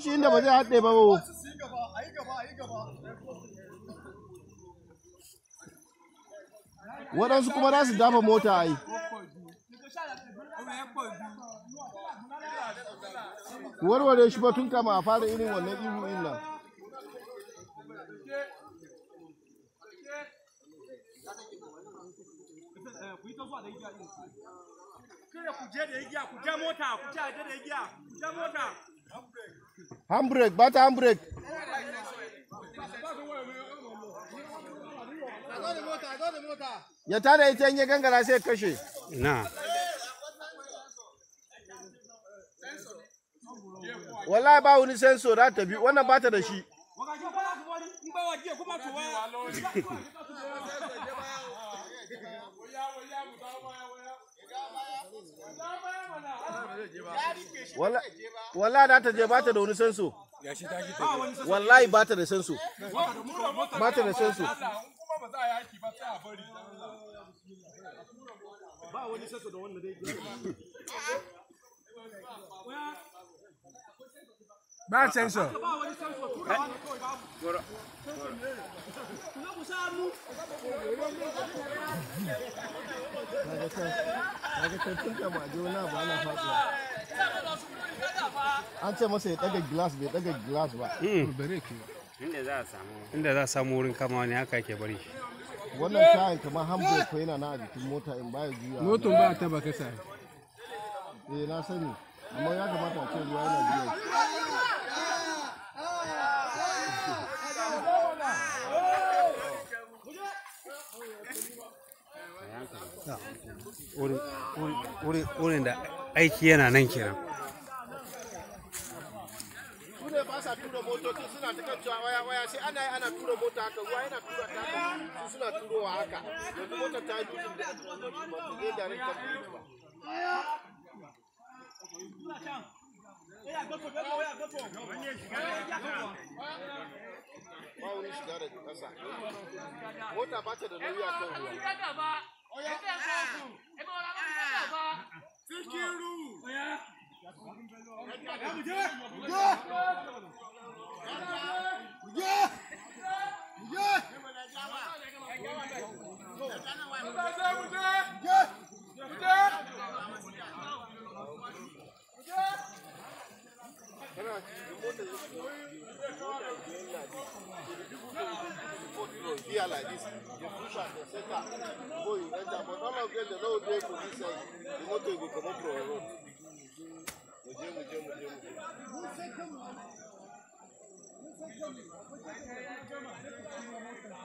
shi inda ba zai haɗe ba ba waɗansu kuma za su dafa mota a yi warware shi ba tun kama a fara irin wannan ihu nan kada ku je da igiya ku je mota ku je da igiya ku je mota handbrake bata handbrake ya tada ita in ya gangara sai kashe na wallahi ba wani sensor za ta bi wannan bata da shi wallahi da ta je ba ta da wani sanso wallahi ba ta da sanso eh, ba ta da sanso ba wani sanso da wanda dai ba sanso an ce masa ya daga glass bai daga glass ba hmm. inda za a samu wurin kama wani haka ke bari wannan kayan kamar hamburg ko yana na a jikin mota in baya juya moton ba ta baka sa eh na sani amma ya kamata a ce ruwa yana juya wurin da aiki yana nan kiran ba sa tura motoci suna ta kan waya waya ana ana ruwa yana ta kasa da kasa mota ba ta da nauyi a kan ruwa Sikiru! Kana motar you push am dey take am go you enter but all of them dem no dey for this side the motor go comot from your road muje muje muje muje. Thank you.